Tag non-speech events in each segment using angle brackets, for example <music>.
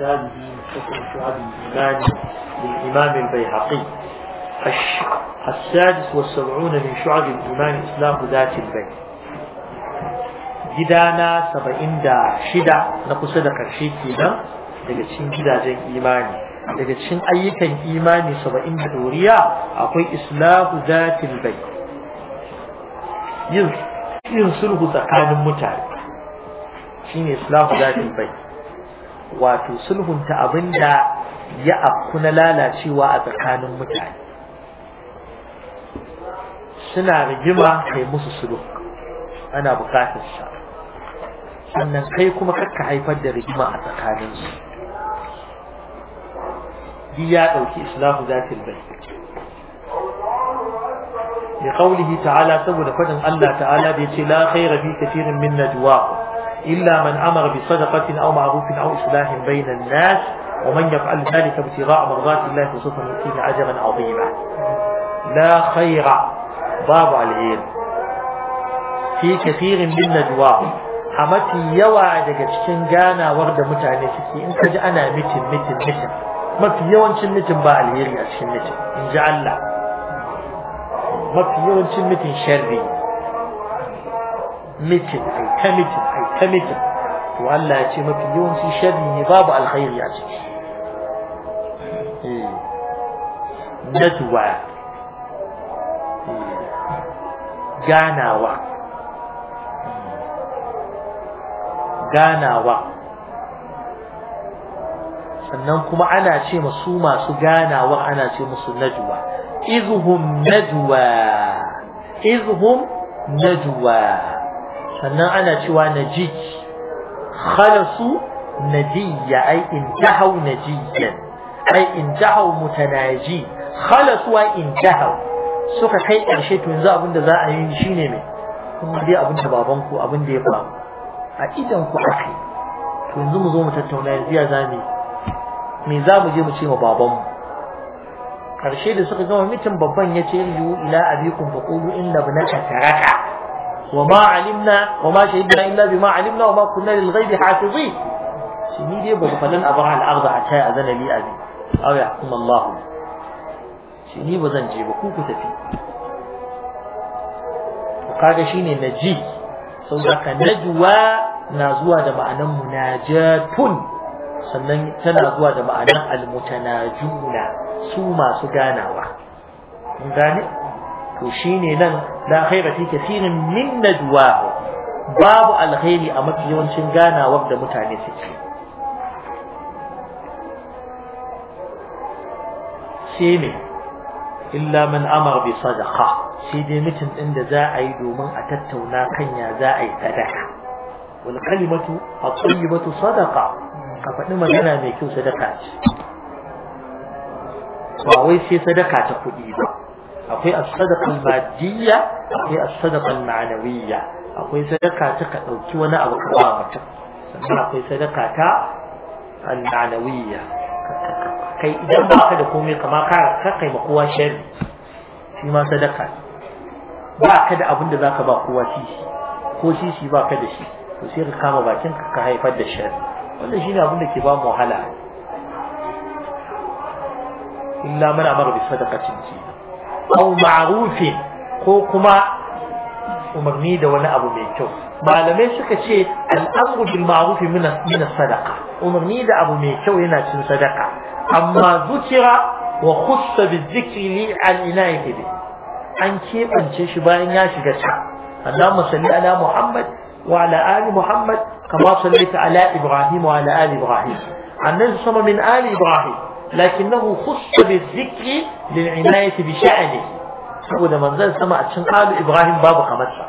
كتابه حكم شعب الإيمان للإمام البيهقي السادس والسبعون من شعب الإيمان إسلام ذات البيت جدانا سبعين دا شدا نقص دا كرشيكي دا لكتشين جدا جن إيماني لكتشين أي كان إيماني سبعين دا دوريا أقوي إسلام ذات البيت ينصره زكاة المتعب شين إسلام ذات البيت wato sulhunta abinda ya afku na lalacewa a tsakanin mutane suna rigima kai musu sulhu ana bukatar sa sannan kai kuma kakka haifar da rigima a tsakaninsu duk ya ɗauki islahu zatil bai saboda تعالى Allah Ta'ala الله تعالى بيتي لا خير في كثير من نجواه إلا من أمر بصدقة أو معروف أو إصلاح بين الناس ومن يفعل ذلك ابتغاء مرضات الله فسوف نؤتيه أجرا عظيما لا خير باب العير في كثير من نجواه a mafi yawa daga cikin ganawar da mutane suke in ka ji ana mitin mitin mitin mafi yawancin mitin ba alheri a cikin mitin in ji Allah mafi yawancin mitin sharri mitin ai ta mitin ai معتمد وقال لها يتي مكليون في شاب النباب الخير يعطيك إيه. ندوة غاناوة إيه. غاناوة إيه. سننكم أنا يتي مصومة سو غاناوة أنا يتي مصو ندوة إذ هم ندوة إذ هم ندوة sannan ana cewa najij khalasu najiyya ai intahaw najiyyan ai intahaw mutanaji khalasu wa intahaw suka kai ƙarshe to yanzu abin da za a yi shine mai. kuma dai abin da babanku ku abin da ya faru a idan ku akai to yanzu mu zo mu tattauna yanzu ya zame me za mu je mu ce ma babanmu. Ƙarshe da suka gama mitin babban ya ce yiwu ila abikum faqulu inna ibnaka taraka وما علمنا وما شهدنا إلا بما علمنا وما كنا للغيب حافظين شنو دي بقى فلن أبرع الأرض حتى أذن لي أبي أو يحكم الله لي شنو بزن جيب كوك تفي وقال شيني نجي سوداك نجوى نازوى دمعنا مناجات sannan tana zuwa da ma'anar almutanajuna su masu ganawa gane shine nan la khaira fi kathirin min najwa babu alkhairi a mafi yawancin ganawar da mutane suke shine illa man amara bi sadaqa shi dai mutum din da za a yi domin a tattauna kan ya za a yi sadaqa wal kalimatu at sadaqa ka faɗi magana mai kyau sadaqa ce ba wai sai sadaqa ta kuɗi ba akwai as-sadaqa al-madiyya akwai as-sadaqa al-ma'nawiyya akwai sadaka ta ka dauki wani abu ka ba mutum sannan akwai sadaka ta al-ma'nawiyya kai idan ba ka da komai kama ka ka kai ma kowa sharri shi ma sadaka ba ka da abin da zaka ba kowa sisi ko sisi ba ka da shi to sai ka kama bakin ka ka haifar da sharri wannan shine abin da ke ba mu wahala illa man amara bi sadaqatin ji أو معروف ko kuma umarni da wani abu mai kyau malamai suka ce al'amru bil ma'ruf min sadaqa umarni da abu mai kyau yana cin sadaka amma zukira wa khussa bi dhikri li al inayati bi an kebance shi bayan ya shiga ta Allahumma salli ala Muhammad wa ala ali Muhammad kama sallaita ala Ibrahim wa ala ali Ibrahim annabi sama min ali Ibrahim لكنه خص بالذكر للعناية بشأنه saboda manzon sama a cikin alu Ibrahim babu kamar sa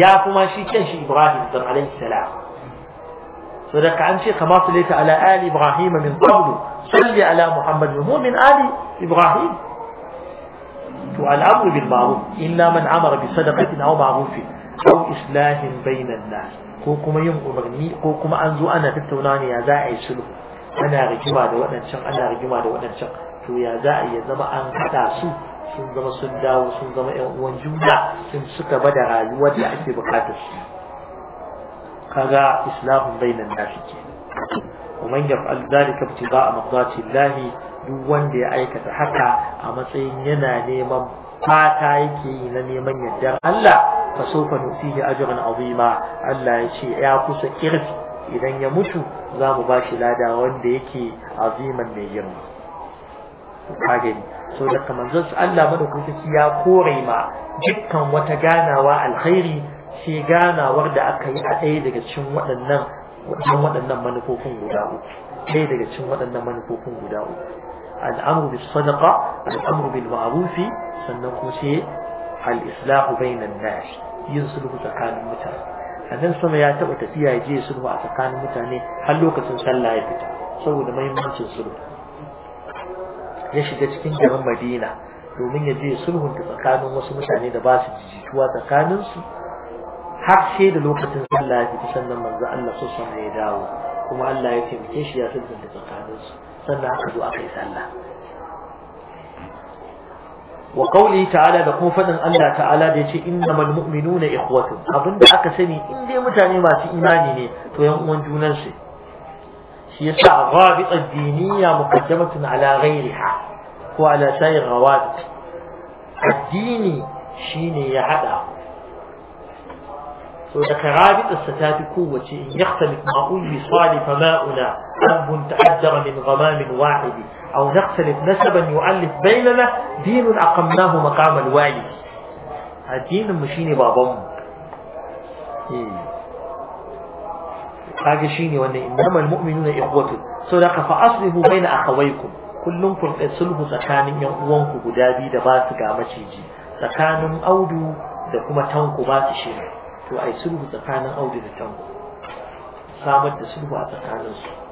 ya kuma shi kan shi Ibrahim dan alayhi salam so da an ce kama su laita ala ali Ibrahim min qablu salli ala Muhammad mu min ali Ibrahim to al'amru bil ma'ruf illa man amara bi sadaqatin aw ma'rufin aw islahin bainan nas ko kuma yin umarni ko kuma an zo ana tattauna ne ya za a yi sulhu ana rigima da waɗancan ana rigima da waɗancan to ya za a iya zama an haɗa su sun zama sun dawo sun zama yan uwan juna sun suka da rayuwar da ake bukatar su kaga islamun bainan nasu ke ومن يفعل ذلك ابتغاء مرضات الله duk wanda ya aikata haka a matsayin yana neman fata yake yi na neman yardar Allah fa sofa nufihi ajran azima Allah ya ce ya kusa kirfi idan ya mutu za mu ba shi lada wanda yake aziman mai girma kagani so da kamar zan Allah ya kore ma dukkan wata ganawa alkhairi sai ganawar da aka yi a ɗaya daga cikin waɗannan wajen waɗannan manufofin guda uku ɗaya daga cikin waɗannan manufofin guda uku al'amru bis sadaqa al'amru bil ma'ruf sannan kuma sai al-islahu bainan nas yin sulhu tsakanin mutane nan sama ya taɓa tafiya ya je sulhu a tsakanin mutane har lokacin sallah ya fita saboda muhimmancin sulhu ya shiga cikin garin Madina domin ya je sulhun ta tsakanin wasu mutane da ba su jituwa tsakaninsu. har sai da lokacin sallah ya fita sannan manzo Allah sallallahu alaihi ya dawo kuma Allah ya taimake shi ya sulhunta tsakanin tsakaninsu sannan aka zo aka yi sallah وقوله تعالى ده كما فدن الله تعالى ده إنما المؤمنون إخوة أظن ده أكسني إن دي متاني ما في إيماني ني تو يوم جوننسي شيسع غابط الدينية مقدمة على غيرها وعلى سائر غوات الديني شيني يعدى وذلك رابط الستات قوة يختلف ما أولي صالف ماؤنا أب تحجر من غمام واحد أو نختلف نسبا يؤلف بيننا دين أقمناه مقام الوالي الدين مشيني بابام هذا شيني وأن إنما المؤمنون إخوة صدق فأصله بين أخويكم كل فرق صلح سكان يؤونك قدابي دبات قامتشيجي سكان أودو دكما تنكو باتشيني تو أي صلح سكان أودو دكما سامت صلح سكان أودو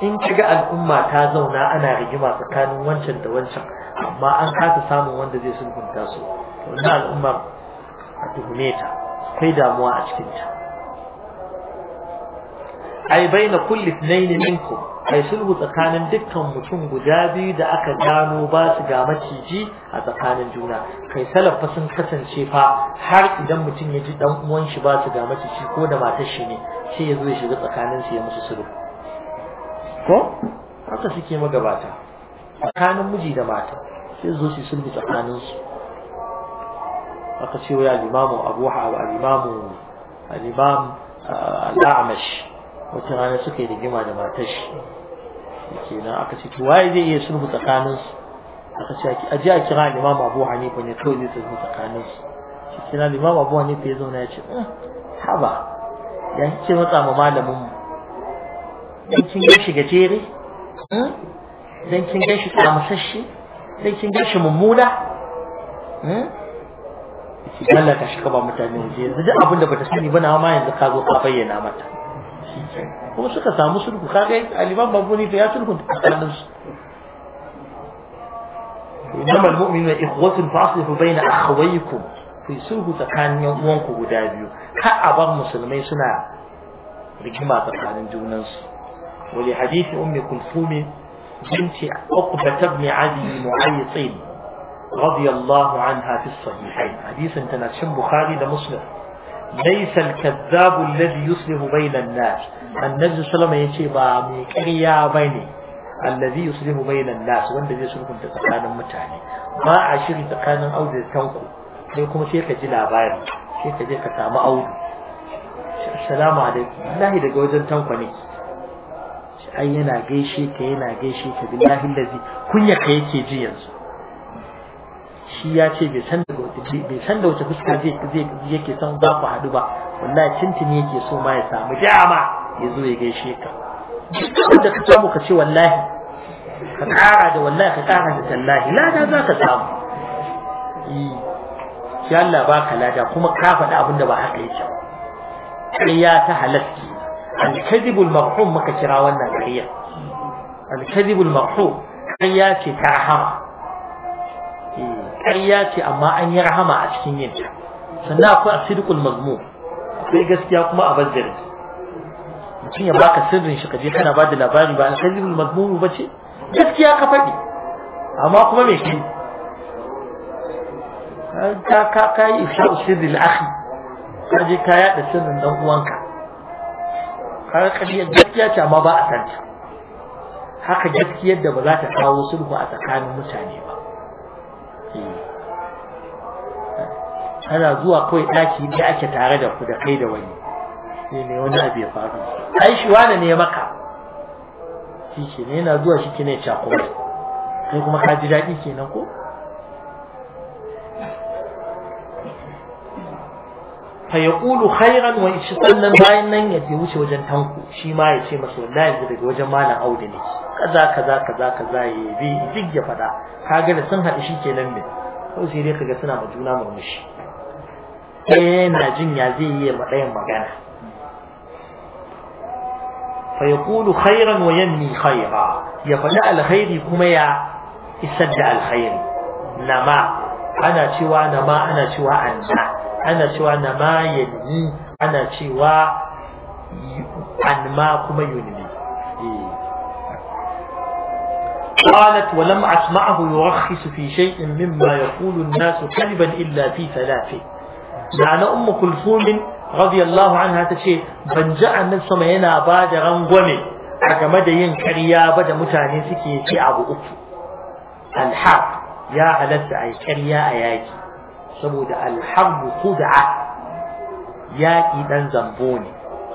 in kiga al'umma ta zauna ana rigima tsakanin wancan da wancan amma an kasa samun wanda zai sulhunta su to wannan al'umma a tuhume ta akwai damuwa a cikin ta ai baina kulli ithnain minkum ai sulhu tsakanin dukkan mutum guda biyu da aka gano ba su ga maciji a tsakanin juna kai salafa sun kasance fa har idan mutum ya ji dan uwan shi ba su ga maciji ko da matar shi ne sai ya zo ya shiga tsakanin su ya musu sulhu ko haka suke magabata tsakanin miji da mata sai zo su sulhu tsakanin su aka ce wa limamu abu hawa limamu al-imam uh, al-a'mash wata rana suka yi rigima da matar shi kenan aka ce to waye zai iya sulhu tsakanin su aka ce a ji a kira limamu abu hanifa ne kawai zai sulhu tsakanin su shi kina limamu abu hanifa ya zauna ya ce eh, haba ya ce matsa ma malamin mu dan cin gashi gajere hmm? dan cin gashi shi kamusashi dan cin gashi shi mummuna hmm? shi Allah ka shi ba mutane waje yanzu duk abin da bata sani ba na ma yanzu ka zo ka bayyana mata kuma suka samu sulhu ka ga aliman babuni fa ya sulhu tsakanin su إنما المؤمنون إخوة فأصلحوا بين أخويكم في sulhu tsakanin yan uwanku guda biyu ka a bar musulmai suna rigima tsakanin junansu ولحديث أم كلثوم بنت عقبة بن علي المعيطين رضي الله عنها في الصحيحين حديث انت ناشم بخاري لمصنف ليس الكذاب الذي يصلح بين الناس النبي صلى الله عليه وسلم يقول يا بيني الذي يصلح بين الناس وين بدي اسلك انت تقانا متاني ما عشر تقانا او دي تنكو ليكم شيخ جلا باري شيخ جلا كتاما او السلام عليكم الله يدقوا جلا تنكو نيكي ai yana gaishe ka yana gaishe ka billahi lazi kunya ka yake ji yanzu shi ya ce bai san daga bai san da wata fuska zai yake son za ku haɗu ba wallahi tintini yake so ma ya samu dama ya zo ya gaishe ka wanda da ka samu ka ce wallahi ka ƙara da wallahi ka ƙara da tallahi lada za ka samu shi Allah ka lada kuma ka faɗi abin da ba haka yake ba ƙarya ta halatta الكذب المرحوم ما كشرا ولا كريا الكذب المرحوم كياك ترحم كياك إيه، أما أن يرحم أشكين سنا أكو أصدق المضمون في جسدي أكو ما أبدر يبقى سر إن شقدي كان بعد لبان بعد الكذب المضمون وبشي جسدي أكو أما أكو ما مشين كا كا الأخي كذي كيات السر من دون har ƙaryar gaskiya ce amma ba a san ta haka gaskiyar da ba za ta kawo sulhu a tsakanin mutane ba eh. ana zuwa kawai ɗaki da ake tare da ku da kai da wani sai ne wani abu ya faru ai shi wani ne maka shi ne yana zuwa shi ne cakurai kai kuma ka ji daɗi kenan ko fa yaqulu khairan wa shi sannan bayan nan ya wuce wajen tanku shi ma ya ce masa wallahi yanzu daga wajen malam Audu ne kaza kaza kaza kaza ya bi duk ya fada kaga da sun haɗu shikenan ne ko sai dai kaga suna ma juna murmushi eh na jin ya zai yi ma ɗayan magana fa khairan wa yamni khaira ya faɗi alkhairi kuma ya isar da alkhairi nama ana cewa nama ana cewa anna ana cewa na ma yalini ana cewa an ma kuma yulmi قالت ولم أسمعه يرخص في شيء مما يقول الناس كذبا إلا في ثلاثة معنى أم كلثوم رضي الله عنها تشي من جاء النفس ما ينا بعد رنغمي أكما دين كريا بدا متاني في أبو أفو الحق يا هلت أي كريا أياكي saboda alharbu khud'a yaƙi ɗan zambo ne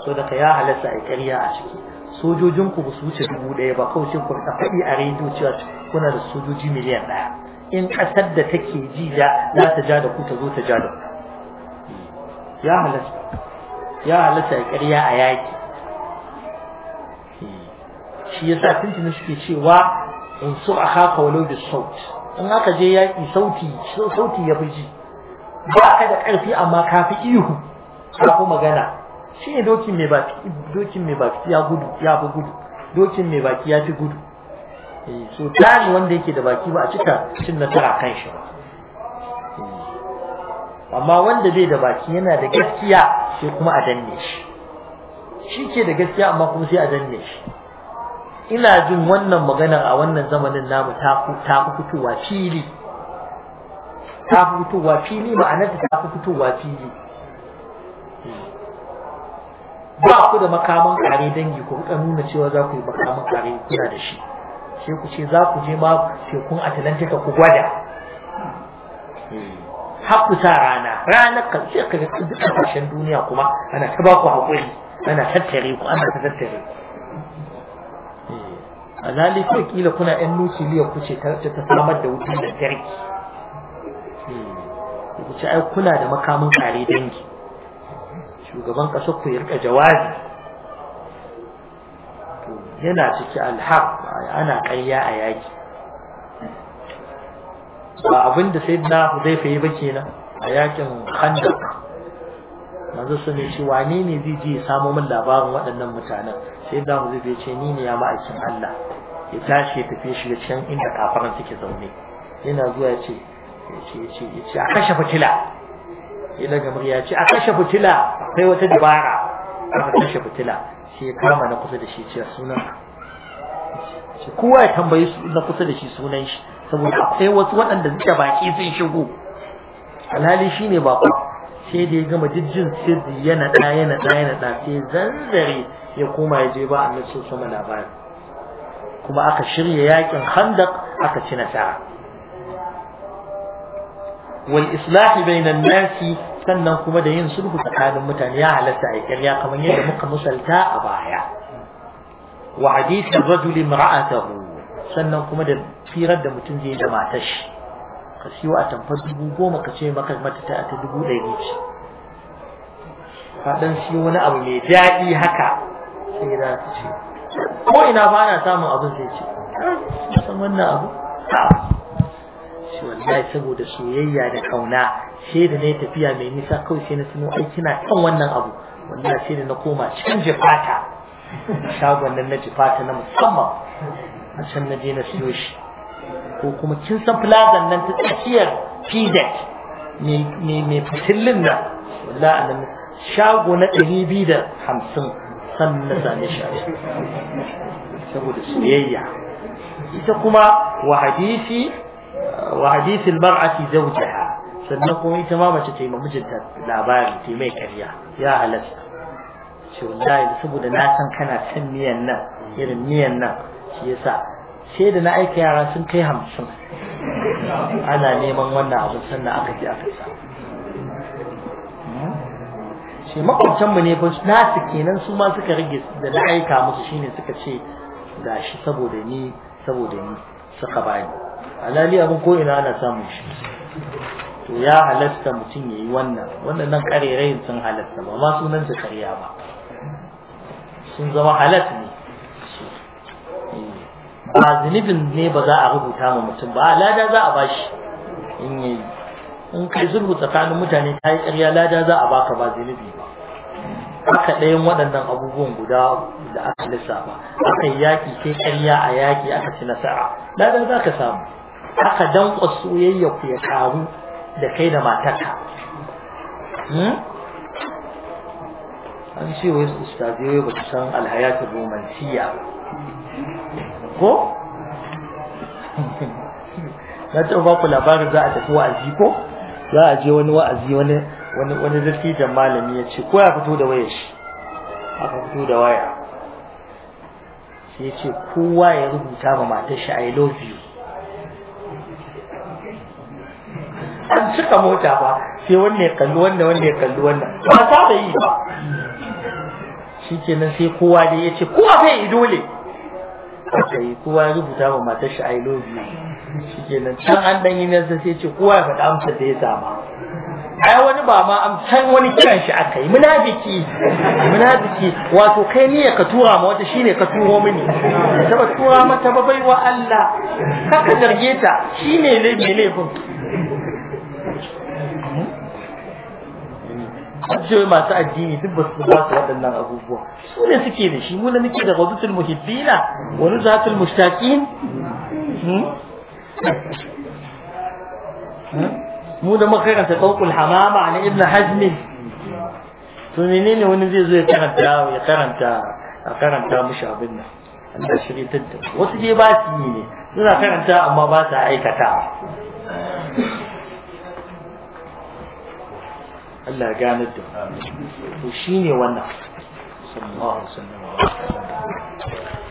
so daga ya halatta a ƙarya a ciki sojojinku ba su wuce dubu ɗaya ba kawai ku ka faɗi a rediyo cewa kuna da sojoji miliyan ɗaya in ƙasar da take ji za ta ja da ku ta zo ta ja da ku ya halatta ya halatta a ƙarya a yaƙi shi yasa tuntuni suke cewa in su a haka walau da sauti in aka je yaƙi sauti sauti ya fi ji ba ka da ƙarfi amma ka fi ihu ka magana shi ne dokin mai baki dokin mai baki ya gudu ya fi gudu dokin mai baki ya fi gudu eh, so tani wanda yake da baki ba a cika cin nasara kan shi ba eh, amma wanda bai da baki yana da gaskiya sai kuma a danne shi shi ke da gaskiya amma kuma sai a danne shi ina jin wannan maganar a wannan zamanin namu ta fi fitowa fili ta fi fitowa fili ma'anarta ta fi fitowa fili ba ku da makaman kare dangi ku ka nuna cewa za ku yi makaman kare kuna da shi sai ku ce za ku je ma tekun atlantika ku gwada haku sa rana ranar kan sai ka ga duka kasashen duniya kuma ana ta ba ku haƙuri ana tattare ku ana ta tattare ku eh, a zalika kila kuna yan nukiliya ku ce ta samar da wutar lantarki ci ai kula da makamin kare dangi shugaban kasar ku ya rika jawabi yana ciki alhaq ana kayya a yaki ba abin da sai na yi ba kenan a yakin khandak manzo sun ce, wane ne zai je samo min labarin waɗannan mutanen sai na hudaifa ya ce ni ne ya ma'aikin Allah ya tashi ya tafi shi can inda kafaran suke zaune yana zuwa ya ce ce a kashe fitila ya daga ya ce a kashe fitila akwai wata dabara a kashe fitila sai ya kama na kusa da shi ce sunan kowa ya tambayi na kusa da shi sunan shi saboda akwai wasu waɗanda suke baki sun shigo alhali shine bako sai da ya gama jijjin sirri yana ɗa yana ɗa yana ɗa sai zanzare ya koma ya je ba annabi sallallahu alaihi labari kuma aka shirya yakin handak aka ci nasara wal islahi bainan nasi sannan kuma da yin sulhu tsakanin mutane ya halatta a ƙarya kamar yadda muka misalta a baya wa hadisi rajul imra'atahu sannan kuma da firar da mutum zai da matar shi ka siyo a tamfar dubu goma ka ce maka mata ta ta dubu ɗari ce faɗan siyo wani abu mai daɗi haka sai za ta ce ko ina ba na samun abin zai ce ah, san wannan abu shi wallahi saboda soyayya da kauna sai da nayi tafiya mai nisa kawai sai na tuno ai kina kan wannan abu wallahi sai da na koma cikin jifata shagon nan na jifata na musamman a can na je na siyo shi ko kuma kin san plaza nan ta tsakiyar pizet mai fitillin nan wallahi nan shago na ɗari biyu da hamsin na zane shi saboda soyayya ita kuma wa hadisi wa hadithul mar'ati zawjaha sannan kuma ita ma mace ta yi mijinta labari ta mai ƙarya ya halasta ce saboda na san kana cin miyan nan irin miyan nan shi sa, sai da na aika yara sun kai hamsin ana neman wannan abin sannan aka ji aka sa shi makwabtanmu ne ba nasu kenan su ma suka rage da na aika musu shine suka ce gashi saboda ni saboda ni suka bani alali abin ko ina ana samun shi to ya halatta mutum ya yi wannan waɗannan ƙarerayin sun halatta ba ma sunan su karya ba sun zama halat ne ba zunubin ne ba za a rubuta ma mutum ba lada za a bashi in yi in kai sulhu tsakanin mutane ta yi karya lada za a baka ba zunubi ba Aka ɗayan waɗannan abubuwan guda da aka lissafa aka yi yaƙi sai ƙarya a yaƙi aka ci nasara ladan za ka samu aka danƙwa soyayya ku ya taru da kai da matarka hmm? an ce wai ustazi wai ba su san alhayatul romansiya ko <laughs> na taɓa ba ku labarin za a tafi wa'azi ko za a je wani wa'azi wani wani wani malami ya ce ko ya fito da waya? shi aka fito da waya sai ya ce kowa ya rubuta ma matashi I love you cika mota ba sai wanne ya kalli wannan wanne ya kalli wannan ba da yi ba shikenan sai kowa dai ya ce kowa sai idole aka yi kowa ya rubuta ba matar shi I love you shikenan can an dan yi nasa sai ce kowa ya faɗa amsa da ya sama ai wani ba ma amsan wani kiran shi aka yi munafiki munafiki wato kai ne ka tura ma wata shine ka turo mini ta tura mata ba baiwa Allah kaka zarge ta shine ne mai laifin hajjoyi masu addini duk ba su ba su waɗannan abubuwa su ne suke da shi mu da da wazutul muhibbina wani zatul mushtaqin hmm? Hmm? mu da muka karanta tsawqul hamama na ibn hazm to menene wani zai zo ya karanta ya karanta a karanta mushi abin nan Allah shirye tadda wasu je ba su yi ne suna karanta amma ba su aikata الا كان الدعاء وشيني وانا صلى الله عليه وسلم